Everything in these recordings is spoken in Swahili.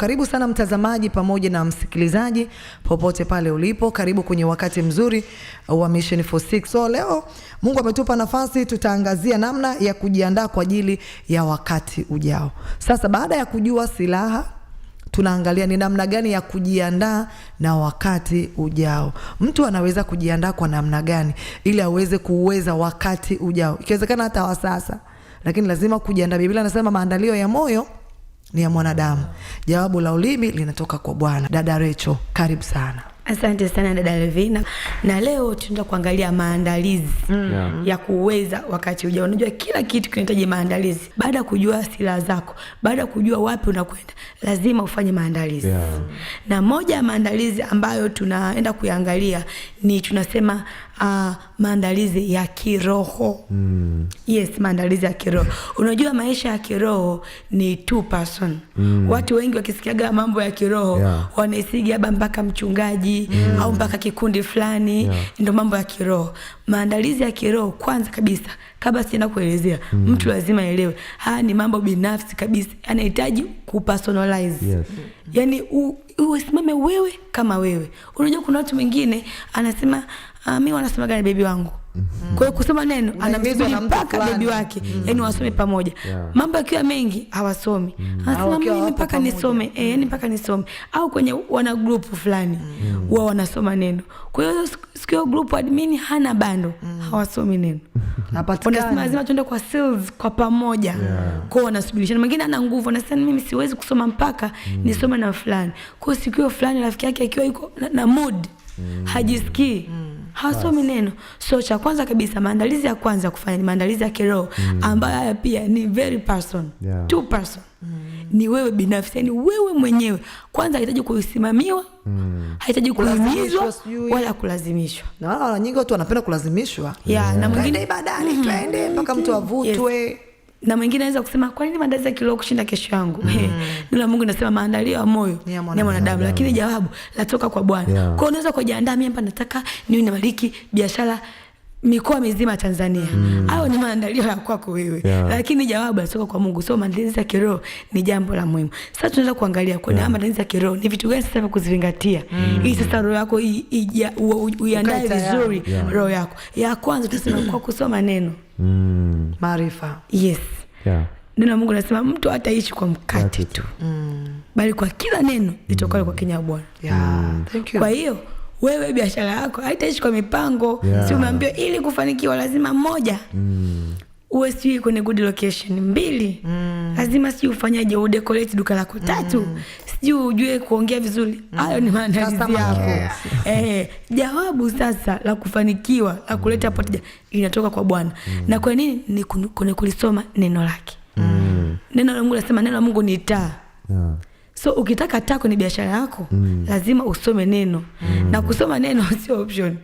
Karibu sana mtazamaji pamoja na msikilizaji popote pale ulipo, karibu kwenye wakati mzuri wa Mission 46. So leo Mungu ametupa nafasi, tutaangazia namna ya kujiandaa kwa ajili ya wakati ujao. Sasa baada ya kujua silaha tunaangalia ni namna gani ya kujiandaa na wakati ujao. Mtu anaweza kujiandaa kwa namna gani ili aweze kuweza wakati ujao, ikiwezekana hata wa sasa, lakini lazima kujiandaa. Biblia anasema maandalio ya moyo ni ya mwanadamu. Jawabu la ulimi linatoka kwa Bwana. Dada Recho, karibu sana. Asante sana dada Levina, na leo tunaenda kuangalia maandalizi mm. ya kuweza wakati ujao. Unajua kila kitu kinahitaji maandalizi. Baada ya kujua silaha zako, baada ya kujua wapi unakwenda, lazima ufanye maandalizi yeah. na moja ya maandalizi ambayo tunaenda kuyaangalia ni tunasema uh, maandalizi ya kiroho mm. Yes, maandalizi ya kiroho unajua, maisha ya kiroho ni two person mm. Watu wengi wakisikiaga mambo ya kiroho yeah. wanaisigi aba mpaka mchungaji mm. au mpaka kikundi fulani yeah. ndo mambo ya kiroho. Maandalizi ya kiroho kwanza kabisa kabla sina kuelezea mm. mtu lazima elewe haya ni mambo binafsi kabisa, anahitaji kupersonalize yes. Mm-hmm. Yani usimame wewe kama wewe. Unajua kuna watu wengine anasema uh, ah, mi wanasema na bebi wangu Mm-hmm. Kwa hiyo kusoma neno mm-hmm. anamsubiri mpaka bebi wake, mm. Mm-hmm. yani wasome pamoja. yeah. Mambo yakiwa mengi hawasomi, mm. anasema mimi mpaka nisome, eh, yani mpaka nisome. Au kwenye wana group fulani mm. wao wanasoma neno, kwa hiyo siku hiyo group admin hana bando, mm. hawasomi neno, wanasema lazima tuende kwa sales kwa pamoja, yeah. kwao wanasubirishana. Mwingine ana nguvu, anasema mimi siwezi kusoma mpaka mm. nisome na fulani. Kwa hiyo siku hiyo fulani rafiki yake akiwa yuko na mood hajisikii mm. neno. So cha kwanza kabisa, maandalizi ya kwanza ya kufanya ni maandalizi ya kiroho mm. ambayo haya pia ni very person yeah. two person mm. ni wewe binafsi, yani wewe mwenyewe kwanza, hahitaji kusimamiwa mm. hahitaji kuhimizwa wala kulazimishwa. Na wala nyingi watu wanapenda kulazimishwa yeah, yeah. na mwingine ibadani mm. tuende mm-hmm. mpaka mtu avutwe yes na mwingine anaweza kusema kwa nini maandazi ya kilo kushinda kesho yangu? mm. Neno la Mungu nasema maandalio ya moyo ni mwanadamu, lakini jawabu latoka kwa Bwana yeah. Kwa hiyo unaweza kujiandaa, mimi hapa nataka niwe na biashara mikoa mizima Tanzania mm. Au ni maandalio ya kwako wewe yeah. Lakini jawabu asoko kwa Mungu, so maandalizi ya kiroho ni jambo la muhimu. Sasa tunaweza kuangalia kwa yeah. Maandalizi ya kiroho ni vitu gani sasa kuzingatia mm. Ili sasa roho yako uiandae vizuri yeah. Roho yako ya kwanza tunasema mm. kwa kusoma neno mm. Maarifa yes yeah. Neno Mungu nasema mtu hataishi kwa mkate tu mm. Bali kwa kila neno litokalo mm. kwa kinywa Bwana yeah. mm. Kwa hiyo wewe biashara yako haitaishi kwa mipango yeah. Si umeambiwa ili kufanikiwa lazima moja, mm. uwe sijui kwenye good location, mbili, mm. lazima sijui ufanyaje udekoreti duka lako, mm. tatu, mm. sijui ujue kuongea vizuri. Mm. Hayo mm. ni maandalizi yako yes. e, eh, jawabu sasa la kufanikiwa la kuleta mm. pamoja inatoka kwa Bwana mm. na kwa nini? Ni kwenye kulisoma neno lake mm. neno la Mungu, nasema neno la Mungu ni taa yeah. So ukitaka taa kwenye biashara yako mm. lazima usome neno mm. na kusoma neno sio option,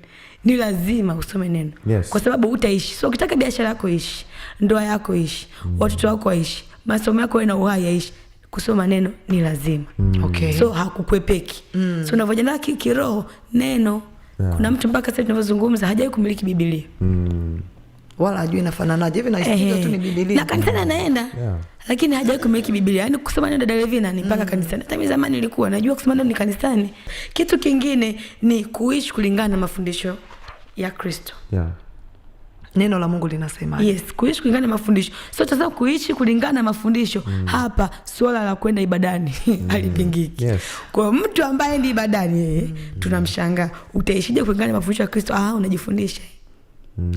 ni lazima usome neno yes. kwa sababu utaishi. So ukitaka biashara yako ishi, ndoa yako ishi mm. watoto wako waishi, masomo yako na uhai yaishi, kusoma neno ni lazima mm. okay. so hakukwepeki mm. so unavyojiandaa kiroho neno yeah. kuna mtu mpaka sasa tunavyozungumza hajai kumiliki Biblia mm wala ajui nafananaje hivi naisikia tu ni bibilia Na kanisani anaenda. Yeah. Lakini hajawahi kumeki bibilia Yaani kusoma neno dada Levina ni mpaka mm. kanisani. Hata mimi zamani nilikuwa najua kusoma neno ni kanisani. Kitu kingine ni kuishi kulingana na mafundisho ya Kristo. Yeah. Neno la Mungu linasema. Yes, kuishi kulingana na mafundisho. So tunasema kuishi kulingana na mafundisho mm. hapa suala la kwenda ibadani mm. alipingiki. Yes. Kwa mtu ambaye ndi ibadani mm. tunamshangaa, utaishije kulingana na mafundisho ya Kristo? Ah, unajifundisha. Mm.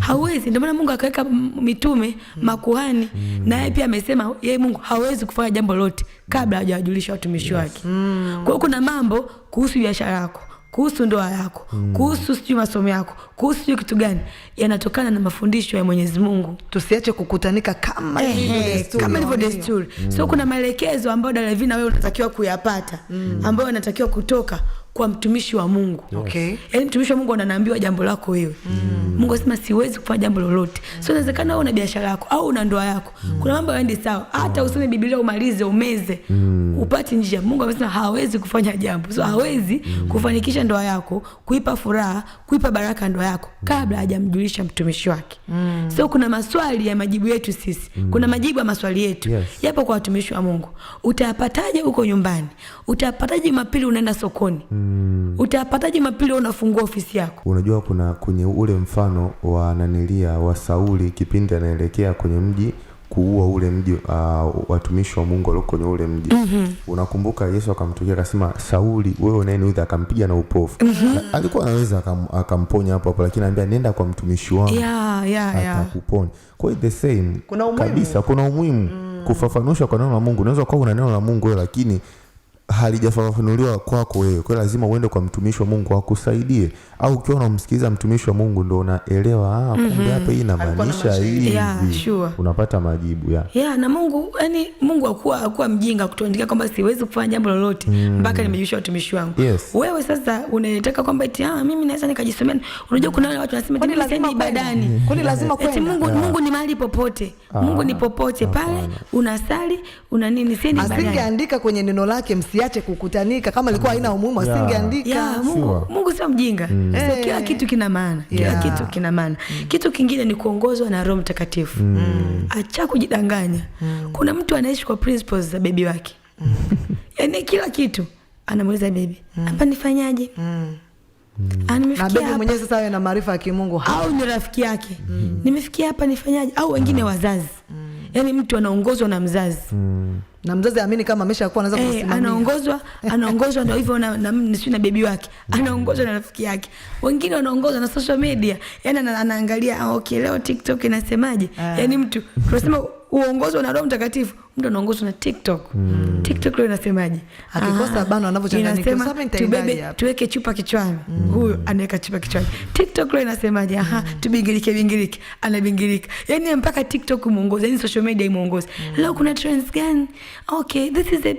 hauwezi. Mm. Ndio maana Mungu akaweka mitume mm. makuhani mm. naye pia amesema ye Mungu hawezi kufanya jambo lote kabla hajawajulisha watumishi yes. wake mm. Kwa kuna mambo kuhusu biashara yako, kuhusu ndoa yako mm. kuhusu sijui masomo yako, kuhusu sijui kitu gani, yanatokana na mafundisho ya Mwenyezi Mungu. Tusiache kukutanika kama ilivyo desturi mm. so kuna mm. maelekezo ambayo Daravina wewe unatakiwa kuyapata mm. ambayo anatakiwa kutoka kwa mtumishi wa Mungu. Okay. Yaani mtumishi wa Mungu ananaambiwa jambo lako wewe. Mm. Mungu asema siwezi kufanya jambo lolote. Mm. So inawezekana au na biashara yako au una ndoa yako. Mm. Kuna mambo aendi sawa. Hata mm. usome bibilia umalize umeze. Mm upate njia. Mungu amesema hawezi kufanya jambo, so hawezi mm. kufanikisha ndoa yako, kuipa furaha, kuipa baraka ndoa yako kabla hajamjulisha mtumishi wake mm. so kuna maswali ya majibu yetu sisi mm. kuna majibu ya maswali yetu yes. yapo kwa watumishi wa Mungu. Utayapataje huko nyumbani? Utayapataje mapili unaenda sokoni? mm. Utayapataje mapili unafungua ofisi yako? Unajua, kuna kwenye ule mfano wa nanilia wa Sauli kipindi anaelekea kwenye mji kuua ule mji uh, watumishi wa Mungu walio kwenye ule mji mm -hmm. Unakumbuka Yesu akamtokea akasema, Sauli wewe unayeniudhi, akampiga na upofu mm -hmm. Alikuwa anaweza akam, akamponya hapo hapo, lakini anambia nenda kwa mtumishi wangu yeah, yeah, atakuponya. Kwa hiyo the same kuna kabisa, kuna umuhimu mm. kufafanusha kwa neno la Mungu. Unaweza kuwa una neno la Mungu wewe, lakini halijafafanuliwa kwako wewe, kwa lazima uende kwa mtumishi wa Mungu akusaidie, au ukiwa unamsikiliza mtumishi wa Mungu ndo unaelewa ah, hmm hapa hii inamaanisha hivi yeah, sure. Unapata majibu ya yeah, na Mungu yani, Mungu akuwa akuwa mjinga kutuandikia kwamba siwezi kufanya jambo lolote mm. mpaka mm. nimejulisha watumishi wangu yes. Wewe sasa unataka kwamba eti ah, mimi naweza nikajisomea. Unajua kuna watu wanasema eti lazima ibadani, kwani lazima kwenda mm. eti Mungu yeah. Mungu ni mahali popote ah, Mungu ni ah, popote ah, pale ah, unasali una nini, sendi ibadani. Asingeandika kwenye neno lake msi wasiache kukutanika, kama ilikuwa haina umuhimu asingeandika yeah. yeah, Mungu, Mungu sio mjinga mm. so, eh. kila kitu kina maana yeah. kila kitu kina maana mm. kitu kingine ni kuongozwa na Roho Mtakatifu mm. mm. acha kujidanganya mm. kuna mtu anaishi kwa principles za bebi wake mm. yani kila kitu anamuuliza bebi mm. hapa nifanyaje? mm. Mm. mwenyewe sasa awe na maarifa ya kimungu au ni rafiki yake mm. nimefikia hapa nifanyaje? au wengine mm. wazazi mm. yaani mtu anaongozwa na mzazi mm na mzazi aamini kama ameshakuwa anaweza hey, eh, kusimamia. Anaongozwa, anaongozwa ndio hivyo na na nisio na bebi wake. Mm. Anaongozwa na rafiki yake. Wengine wanaongozwa na social media. yani anaangalia ah, okay, leo TikTok inasemaje? Eh. yani mtu tunasema uongozwa na Roho Mtakatifu mtu anaongozwa na TikTok. Mm. TikTok leo inasemaje? Akikosa ah. bana anavyochanganyika. Inasema tubebe tuweke chupa kichwani. Mm. Huyu anaweka chupa kichwani. TikTok leo inasemaje? Aha, mm. Tubingilike bingilike, anabingilika. Yaani mpaka TikTok muongoze, yani social media imuongoze. Mm. Leo kuna trends gani? Okay, this is a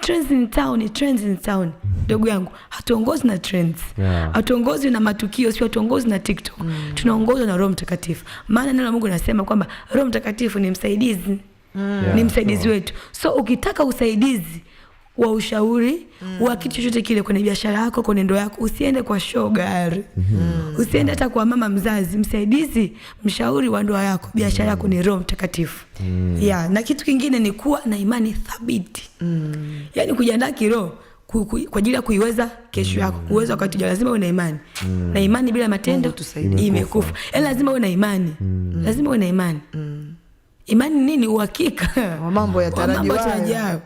trends in town, trends in town. Ndugu yangu, hatuongozi na trends. Yeah. Hatuongozi na matukio, sio hatuongozi na TikTok. Mm. Tunaongozwa na Roho Mtakatifu. Maana neno la Mungu linasema kwamba Roho Mtakatifu ni msaidizi. Mm mm. ni msaidizi so. wetu so ukitaka usaidizi wa ushauri mm. wa kitu chochote kile kwenye biashara yako, kwenye ndoa yako, usiende kwa shogar mm. Mm-hmm. usiende hata kwa mama mzazi. Msaidizi, mshauri wa ndoa yako, biashara yako ni Roho Mtakatifu mm. yeah. na kitu kingine ni kuwa na imani thabiti mm. yani kujiandaa kiroho ku, ku, kwa ajili ya kuiweza kesho yako mm. uwezo wakati ujao lazima uwe na imani mm. na imani bila matendo imekufa. Yani lazima uwe na imani mm. lazima uwe na imani mm imani nini, uhakika mambo yatarajiwayo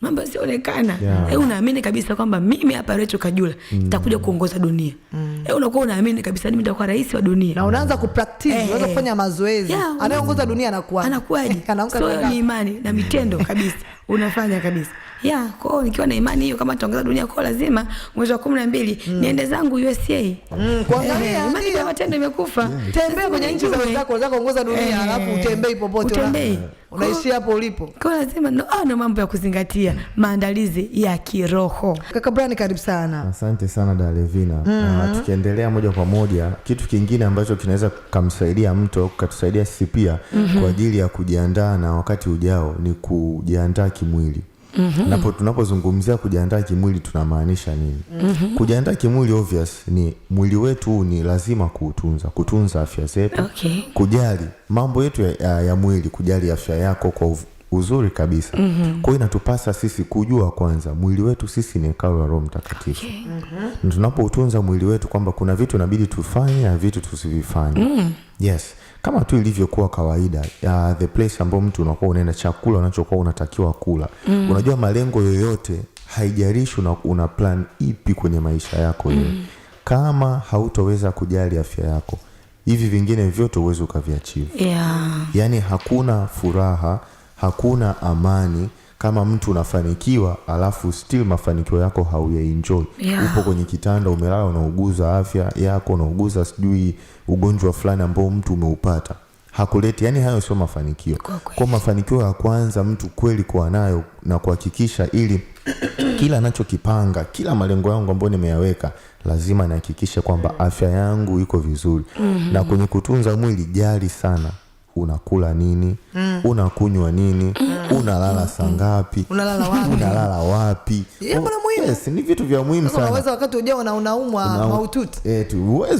mambo yasionekana yeah. E, unaamini kabisa kwamba mimi hapa Recho Kajula mm. nitakuja mm. kuongoza dunia mm. E, unakuwa unaamini kabisa mimi nitakuwa rais wa dunia na unaanza kupractice eh, kufanya mazoezi yeah, anayeongoza dunia anakuwa anakuwaje? so ni imani na mitendo kabisa unafanya kabisa yeah, kwao nikiwa na imani hiyo, kama tutaongeza dunia kwa lazima mwezi wa 12 mm. niende zangu USA mm, kuangalia eh, imani ya matendo imekufa. yeah. Mm. Tembea kwenye nchi za wenzako, wenzako ongoza dunia, alafu utembei popote, utembei unaishi hapo ulipo. Kwa lazima no, ah, na mambo ya kuzingatia mm. maandalizi ya kiroho. Kaka Brian, karibu sana. Asante sana da Levina mm -hmm. Uh, tukiendelea moja kwa moja, kitu kingine ambacho kinaweza kumsaidia mtu au kutusaidia sisi pia mm -hmm. kwa ajili ya kujiandaa na wakati ujao ni kujiandaa kimwili mm -hmm. Tunapozungumzia kujiandaa kimwili tunamaanisha nini? mm -hmm. Kujiandaa kimwili obvious ni mwili wetu ni lazima kuutunza, kutunza afya zetu okay. Kujali mambo yetu ya, ya, ya mwili, kujali afya yako kwa uzuri kabisa mm -hmm. kwao inatupasa sisi kujua kwanza mwili wetu sisi ni hekalo la Roho Mtakatifu okay. mm -hmm. Tunapoutunza mwili wetu kwamba kuna vitu inabidi tufanye na vitu tusivifanye mm -hmm. Yes, kama tu ilivyokuwa kawaida uh, the place ambayo mtu unakuwa unaenda chakula unachokuwa unatakiwa kula mm Unajua malengo yoyote haijarishi una, una plan ipi kwenye maisha yako mm Kama hautoweza kujali afya yako hivi vingine vyote uwezi ukaviachivu yeah. Yaani hakuna furaha hakuna amani kama mtu unafanikiwa alafu still mafanikio yako hauyaenjoy yeah. Upo kwenye kitanda umelala, unauguza afya yako, unauguza sijui ugonjwa fulani ambao mtu umeupata hakuleti, yani hayo sio mafanikio. Kwa mafanikio ya kwanza mtu kweli kuwa nayo na kuhakikisha ili kila anachokipanga kila malengo yangu ambayo nimeyaweka lazima nihakikishe kwamba afya yangu iko vizuri. mm -hmm. Na kwenye kutunza mwili, jali sana unakula nini mm. unakunywa nini mm. unalala mm. saa ngapi mm. unalala wapi, unalala wapi? Eh, yes, ni vitu vya muhimu sanauwezi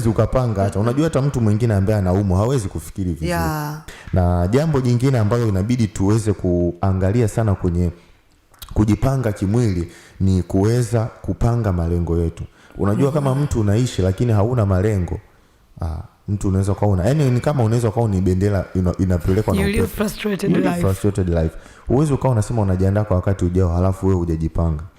ukapanga hata unajua, hata mtu mwingine ambaye anaumwa hawezi kufikiri vizuri yeah. na jambo jingine ambalo inabidi tuweze kuangalia sana kwenye kujipanga kimwili ni kuweza kupanga malengo yetu. Unajua, mm -hmm. kama mtu unaishi lakini hauna malengo ah, mtu unaweza kuwa yani, ni kama unaweza kuwa ni bendera inapelekwa na upepo. Frustrated life, Uwezo ukawa unasema unajiandaa kwa wakati ujao, halafu wewe hujajipanga.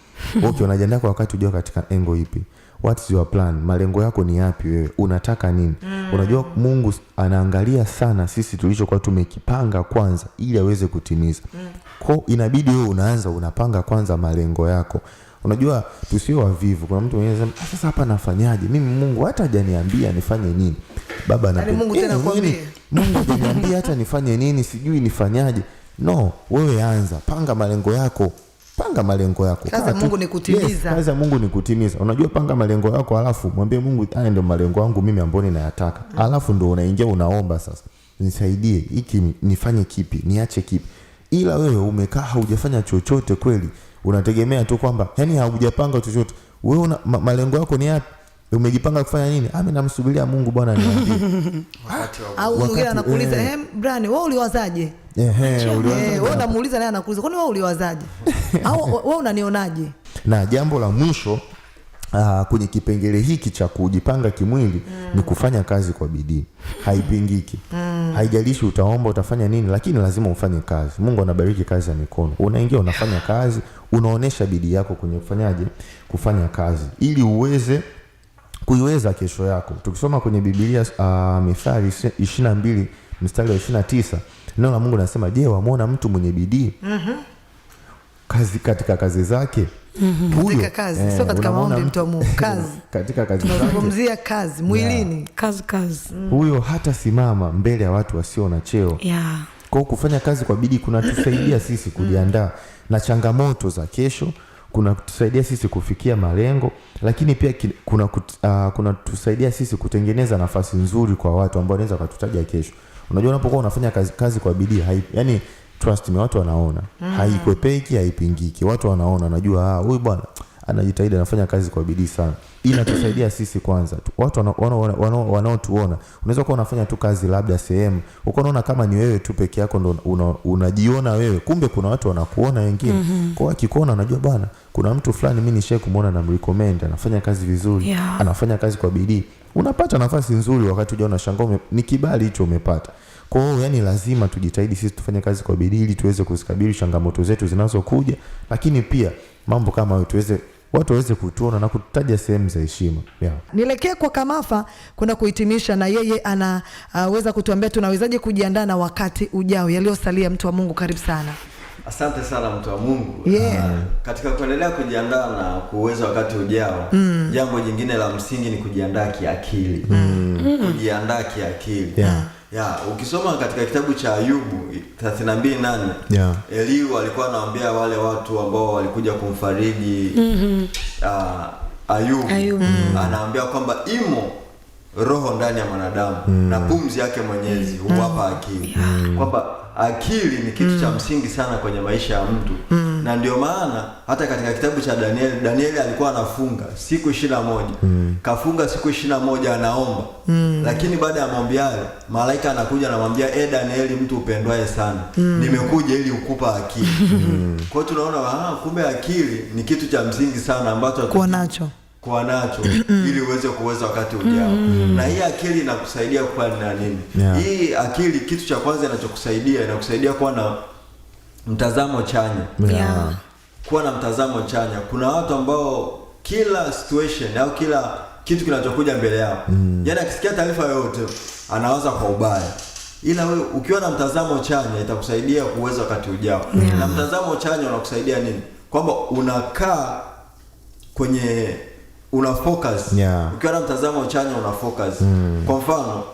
Okay, unajiandaa kwa wakati ujao katika engo ipi? What's your plan? Malengo yako ni yapi? Wewe unataka nini? Mm. Unajua Mungu anaangalia sana sisi tulichokuwa tumekipanga kwanza ili aweze kutimiza. Mm. Kwa inabidi wewe unaanza unapanga kwanza malengo yako. Unajua tusio wavivu. Kuna mtu mwenyewe anasema ah, sasa hapa nafanyaje? Mimi Mungu hata hajaniambia nifanye nini. Baba yaani na Mungu tena eh, kwambie. Mungu hajaniambia hata nifanye nini, sijui nifanyaje. No, wewe anza, panga malengo yako. Panga malengo yako. Kaza Mungu ni kutimiza. Kaza Mungu ni kutimiza. Unajua, panga malengo yako alafu mwambie Mungu, haya ndio malengo yangu mimi ambayo ninayataka. Mm. Alafu ndio unaingia unaomba sasa. Nisaidie, hiki nifanye kipi? Niache kipi? Ila wewe umekaa haujafanya chochote kweli unategemea tu kwamba yani haujapanga chochote wewe una ma, malengo yako ni yapi umejipanga kufanya nini ami namsubiria mungu bwana niambie au mwingine anakuuliza eh wewe uliwazaje eh, wewe unamuuliza naye anakuuliza kwani wewe uliwazaje au wewe unanionaje na jambo la mwisho Uh, kwenye kipengele hiki cha kujipanga kimwili mm. ni kufanya kazi kwa bidii, haipingiki mm. haijalishi utaomba utafanya nini, lakini lazima ufanye kazi. Mungu anabariki kazi ya mikono, unaingia unafanya kazi, unaonesha bidii yako kwenye kufanyaje, kufanya kazi ili uweze kuiweza kesho yako. Tukisoma kwenye Biblia uh, Mithali ishirini mbili mstari wa ishirini tisa neno la Mungu nasema, je, wamwona mtu mwenye bidii mm -hmm. kazi katika kazi zake mm -hmm. katika kazi eh, sio katika maombi mtu wa Mungu kazi katika kazi tunazungumzia kazi mwilini yeah. kazi kazi mm. huyo hata simama mbele ya watu wasio na cheo yeah. kwao kufanya kazi kwa bidii kunatusaidia sisi kujiandaa mm. na changamoto za kesho kunatusaidia sisi kufikia malengo, lakini pia ah, kunatusaidia uh, kuna sisi kutengeneza nafasi nzuri kwa watu ambao wanaweza wakatutaja kesho. Unajua, unapokuwa unafanya kazi, kazi kwa bidii, yani trust me, watu wanaona mm. Haikwepeki, haipingiki, watu wanaona, najua ah, huyu bwana anajitahidi, anafanya kazi kwa bidii sana. tusaidia sisi kwanza tu. Watu wanaotuona, unaweza kuwa unafanya tu kazi labda sehemu uko, unaona kama ni wewe tu peke yako ndo unajiona una wewe, kumbe kuna watu wanakuona wengine mm -hmm. Kwa akikuona anajua bwana, kuna mtu fulani mimi nishae kumwona, namrecommend anafanya kazi vizuri yeah. Anafanya kazi kwa bidii, unapata nafasi nzuri, wakati uja unashangaa, ni kibali hicho umepata. Kwa hiyo yani, lazima tujitahidi sisi tufanye kazi kwa bidii ili tuweze kuzikabili changamoto zetu zinazokuja, lakini pia mambo kama hayo tuweze watu waweze kutuona na kututaja sehemu za heshima yeah. Nielekee kwa Kamafa kwenda kuhitimisha, na yeye anaweza uh, kutuambia tunawezaje kujiandaa na wakati ujao, yaliyosalia. Mtu wa Mungu, karibu sana. Asante sana mtu wa Mungu yeah. Uh, katika kuendelea kujiandaa na kuweza wakati ujao mm. Jambo jingine la msingi ni kujiandaa kiakili mm. Kujiandaa kiakili yeah. Yeah, ukisoma katika kitabu cha Ayubu 32:8 yeah. Eliu alikuwa anawaambia wale watu ambao walikuja kumfariji mm -hmm. uh, Ayubu, Ayubu. Mm -hmm. Anaambia kwamba imo roho ndani ya mwanadamu mm -hmm. na pumzi yake Mwenyezi mm. huwapa akili mm -hmm. kwamba akili ni kitu mm. cha msingi sana kwenye maisha ya mtu mm. na ndio maana hata katika kitabu cha Danieli, Danieli alikuwa anafunga siku ishirini na moja mm. kafunga siku ishirini na moja anaomba mm. lakini baada ya maombi yale malaika anakuja anamwambia, e Danieli, mtu upendwaye sana mm. nimekuja ili ukupa akili mm. kwa hiyo tunaona ah, kumbe akili ni kitu cha msingi sana ambacho kuwa nacho kuwa nacho ili uweze kuweza wakati ujao. Mm. Na hii akili inakusaidia kuwa na nini? Yeah. Hii akili kitu cha kwanza inachokusaidia inakusaidia kuwa na mtazamo chanya. Yeah. Kuwa na mtazamo chanya. Kuna watu ambao kila situation au kila kitu kinachokuja mbele yao. Mm. Yaani akisikia taarifa yoyote anawaza kwa ubaya. Ila wewe ukiwa na mtazamo chanya itakusaidia kuweza wakati ujao. mm. Na mtazamo chanya unakusaidia nini? Kwamba unakaa kwenye una focus yeah. Ukiwa na mtazamo chanya una focus mm. Kwa mfano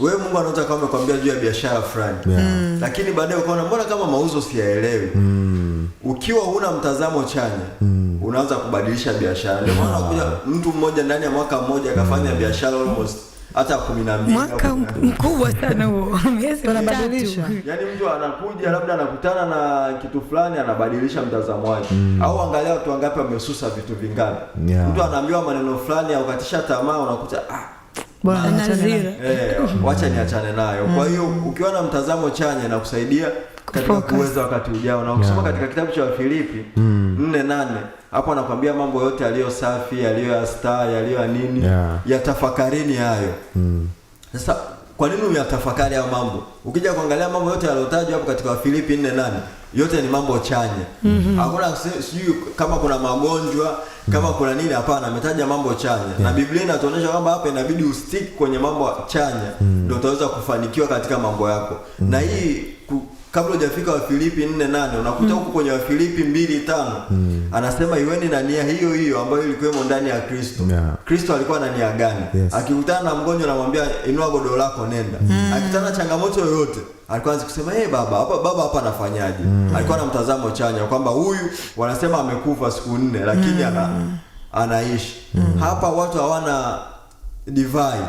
wewe Mungu anaweza kama amekwambia juu ya biashara fulani yeah. mm. Lakini baadaye ukaona mbona kama mauzo siyaelewi mm. Ukiwa huna mtazamo chanya mm. Unaanza kubadilisha biashara ndio maana yeah. Kuja mtu mmoja ndani ya mwaka mmoja akafanya mm. biashara almost hata kumi na mbili mwaka mkubwa sana huo, miezi wanabadilisha. Yani mtu anakuja labda anakutana na kitu fulani anabadilisha mtazamo wake mm. au angalia watu wangapi wamesusa vitu vingapi yeah. mtu anaambiwa maneno fulani au katisha tamaa, unakuta ah, bwana eh, wacha niachane nayo. Kwa hiyo mm. ukiwa na mtazamo chanya kusaidia katika kuweza wakati ujao, na ukisoma yeah. katika kitabu cha Wafilipi 4:8 mm hapo anakwambia mambo yote yaliyo safi, yaliyo ya star, yaliyo ya nini, yeah. Yatafakarini hayo mm. sasa mm. Kwa nini uyatafakari hayo mambo? Ukija kuangalia mambo yote yaliyotajwa hapo katika Wafilipi 4:8 yote ni mambo chanya. Mhm. Hakuna mm -hmm. sijui kama kuna magonjwa kama mm -hmm. kuna nini, hapana, ametaja mambo chanya yeah. Na Biblia inatuonyesha kwamba hapa inabidi ustick kwenye mambo chanya mm. ndio mm -hmm. utaweza kufanikiwa katika mambo yako mm -hmm. na hii ku, kabla hujafika Wafilipi 4:8 unakuta hmm. huko mm. kwenye Wafilipi 2:5 mm. anasema iweni na nia hiyo hiyo ambayo ilikuwemo ndani ya Kristo. Yeah. Kristo alikuwa na nia gani? Yes. Akikutana na mgonjwa anamwambia inua godoro lako nenda. Mm. Akikutana changamoto yoyote alikuwa anza kusema hey, eh, baba hapa, baba hapa anafanyaje? Mm. Alikuwa na mtazamo chanya kwamba huyu wanasema amekufa siku nne lakini mm. ana, anaishi. Mm. Hapa watu hawana divai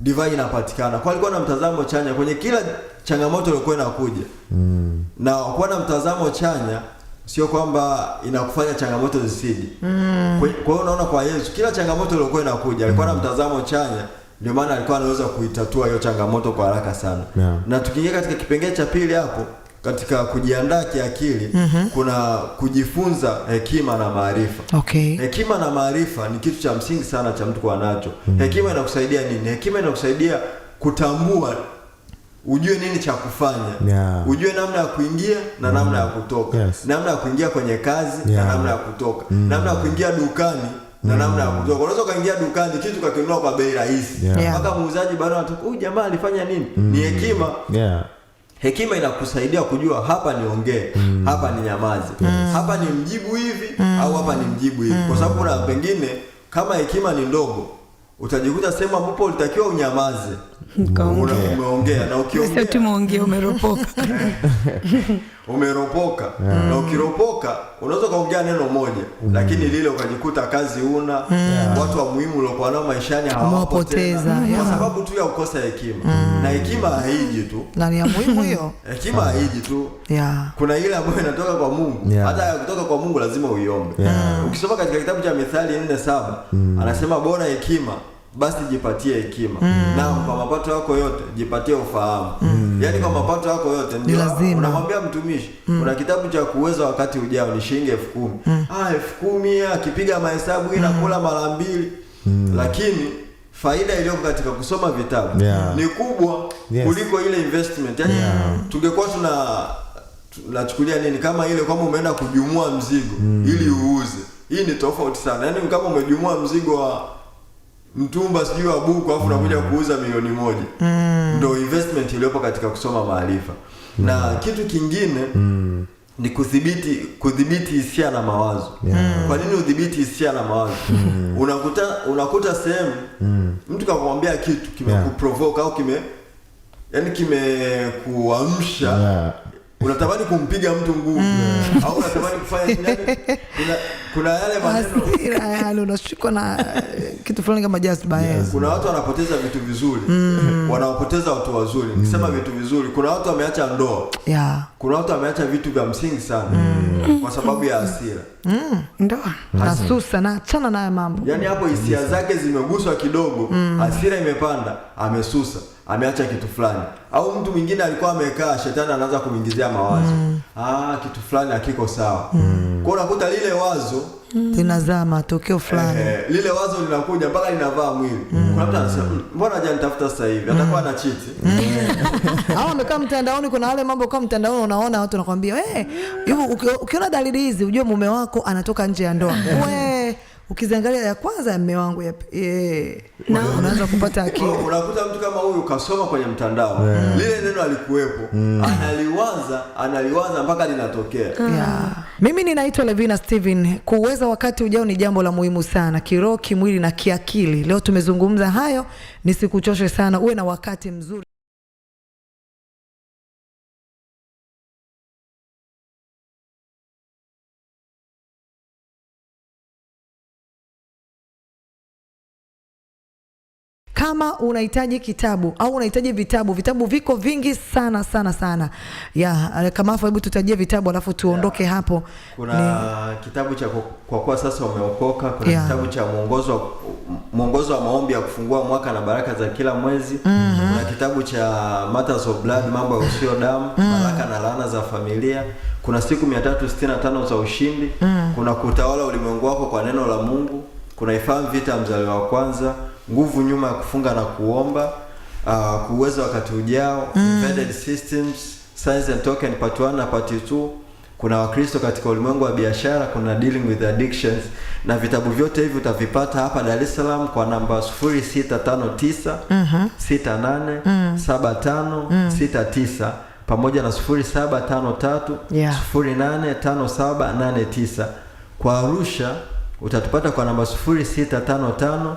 divai inapatikana. Kwa alikuwa na mtazamo chanya kwenye kila changamoto iliyokuwa inakuja mm. na kuwa na mtazamo chanya sio kwamba inakufanya changamoto zisiji mm. kwa hiyo unaona, kwa Yesu kila changamoto iliyokuwa inakuja alikuwa na mm. mtazamo chanya, ndio maana alikuwa anaweza kuitatua hiyo changamoto kwa haraka sana yeah. na tukiingia katika kipengele cha pili hapo katika kujiandaa kiakili mm -hmm. kuna kujifunza hekima na maarifa. Okay. Hekima na maarifa ni kitu cha msingi sana cha mtu kuwa nacho. mm -hmm. Hekima inakusaidia nini? Hekima inakusaidia kutambua ujue nini cha kufanya. Yeah. Ujue namna ya kuingia na mm. namna ya kutoka. Yes. Namna ya kuingia kwenye kazi yeah. na namna ya kutoka. Mm. Namna ya kuingia dukani na mm. namna ya kutoka. Unaweza ukaingia dukani kitu kakinunua kwa bei rahisi mpaka yeah. yeah. muuzaji bado anatoka, huyu jamaa alifanya nini? Mm. Ni hekima. Yeah hekima inakusaidia kujua hapa niongee, mm. hapa ni nyamazi mm. hapa ni mjibu hivi, mm. au hapa ni mjibu hivi, kwa mm. sababu kuna pengine kama hekima ni ndogo utajikuta sehemu ambapo ulitakiwa unyamaze umeongea na ukiongea umeropoka umeropoka yeah. Na ukiropoka unaweza ukaongea neno moja mm. Lakini lile ukajikuta kazi una mm. Watu wa muhimu uliokuwa nao maishani hawapoteza Kwa sababu tu ya ukosa hekima mm. Na hekima haiji tu ndani ya muhimu hiyo hekima ah. haiji tu yeah. Kuna ile ambayo inatoka kwa Mungu Hata ya kutoka kwa Mungu lazima uiombe yeah. Ukisoma katika kitabu cha Mithali nne saba mm. Anasema bora hekima basi jipatie hekima mm. na kwa mapato yako yote jipatie ufahamu mm. Yaani kwa mapato yako yote ndio unamwambia mtumishi mm. una kitabu cha kuweza wakati ujao ni shilingi elfu kumi mm. ah, elfu kumi akipiga mahesabu mm. inakula mara mbili mm. lakini faida iliyo katika kusoma vitabu yeah. ni kubwa yes. kuliko ile investment yaani yeah. tungekuwa tuna tunachukulia nini kama ile kwamba umeenda kujumua mzigo mm. ili uuze. Hii ni tofauti sana, yaani kama umejumua mzigo wa mtumba sijui wa buku alafu unakuja kuuza milioni moja. Mm. ndo investment iliyopo katika kusoma maarifa. Mm. Na kitu kingine mm ni kudhibiti kudhibiti hisia na mawazo yeah. Mm. Kwa nini udhibiti hisia na mawazo? mm. Unakuta unakuta sehemu mm. mtu kakwambia kitu kimekuprovoke yeah. au kime yani kimekuamsha yeah unatamani kumpiga mtu nguvu mm. au unatamani kufanya kuna, kuna yale maneno unashikwa na eh, kitu fulani kama just by yes. Kuna watu wanapoteza vitu vizuri mm. wanaopoteza watu wazuri nikisema mm. vitu vizuri, kuna watu wameacha ndoa yeah. kuna watu wameacha vitu vya msingi sana mm. kwa sababu ya hasira mm. ndoa susa na achana nayo mambo, yani hapo hisia zake zimeguswa kidogo, mm. hasira mm. imepanda, amesusa ameacha kitu fulani, au mtu mwingine alikuwa amekaa, shetani anaanza kumwingizia mawazo mm. Ah, kitu fulani hakiko sawa mm. Kwa unakuta lile wazo mm. linazaa mm. matokeo fulani eh, lile wazo linakuja mpaka linavaa mwili mm. Kuna mtu anasema mm, mbona hajanitafuta sasa hivi, atakuwa mm. na chiti mm. au amekaa mtandaoni. Kuna wale mambo kwa mtandaoni, unaona watu nakwambia wewe eh, hey, ukiona dalili hizi ujue mume wako anatoka nje ya ndoa ukiziangalia ya kwanza ya mme wangu unaanza kupata akili. Unakuta mtu kama huyu kasoma kwenye mtandao yeah. lile neno alikuwepo mm. analiwaza analiwaza mpaka linatokea yeah. Mimi ninaitwa Levina Steven. Kuweza wakati ujao ni jambo la muhimu sana, kiroho, kimwili na kiakili. Leo tumezungumza hayo, nisikuchoshe sana, uwe na wakati mzuri. Kama unahitaji kitabu au unahitaji vitabu, vitabu viko vingi sana sana sana. Yeah, Kamafa, hebu tutajie vitabu alafu tuondoke yeah. Hapo kuna ni... kitabu cha kwa kuwa sasa umeokoka. Kuna yeah. kitabu cha mwongozo mwongozo wa maombi ya kufungua mwaka na baraka za kila mwezi mm -hmm. Kuna kitabu cha Matters of Blood, mambo ya usio damu mm -hmm. baraka na laana za familia kuna siku 365 za ushindi mm. Kuna kutawala ulimwengu wako kwa neno la Mungu. Kuna ifahamu vita mzaliwa wa kwanza nguvu nyuma ya kufunga na kuomba, uh, kuweza wakati ujao mm. embedded systems, signs and token part 1 na part 2. Kuna Wakristo katika ulimwengu wa biashara, kuna dealing with addictions, na vitabu vyote hivi utavipata hapa Dar es Salaam kwa namba 0659 68 75 69 pamoja na 0753 yeah. 085789. Kwa Arusha utatupata kwa namba 0655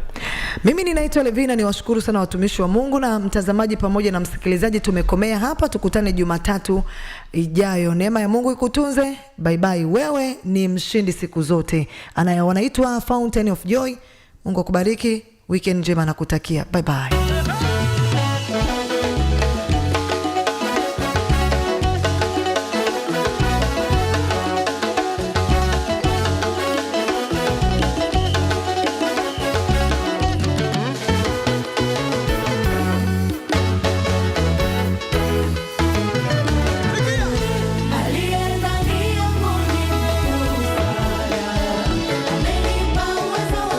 Mimi ninaitwa Levina, ni washukuru sana watumishi wa Mungu na mtazamaji pamoja na msikilizaji. Tumekomea hapa, tukutane Jumatatu ijayo. Neema ya Mungu ikutunze. Bye bye. Wewe ni mshindi siku zote, anayewanaitwa Fountain of Joy. Mungu akubariki, weekend njema nakutakia. Bye bye.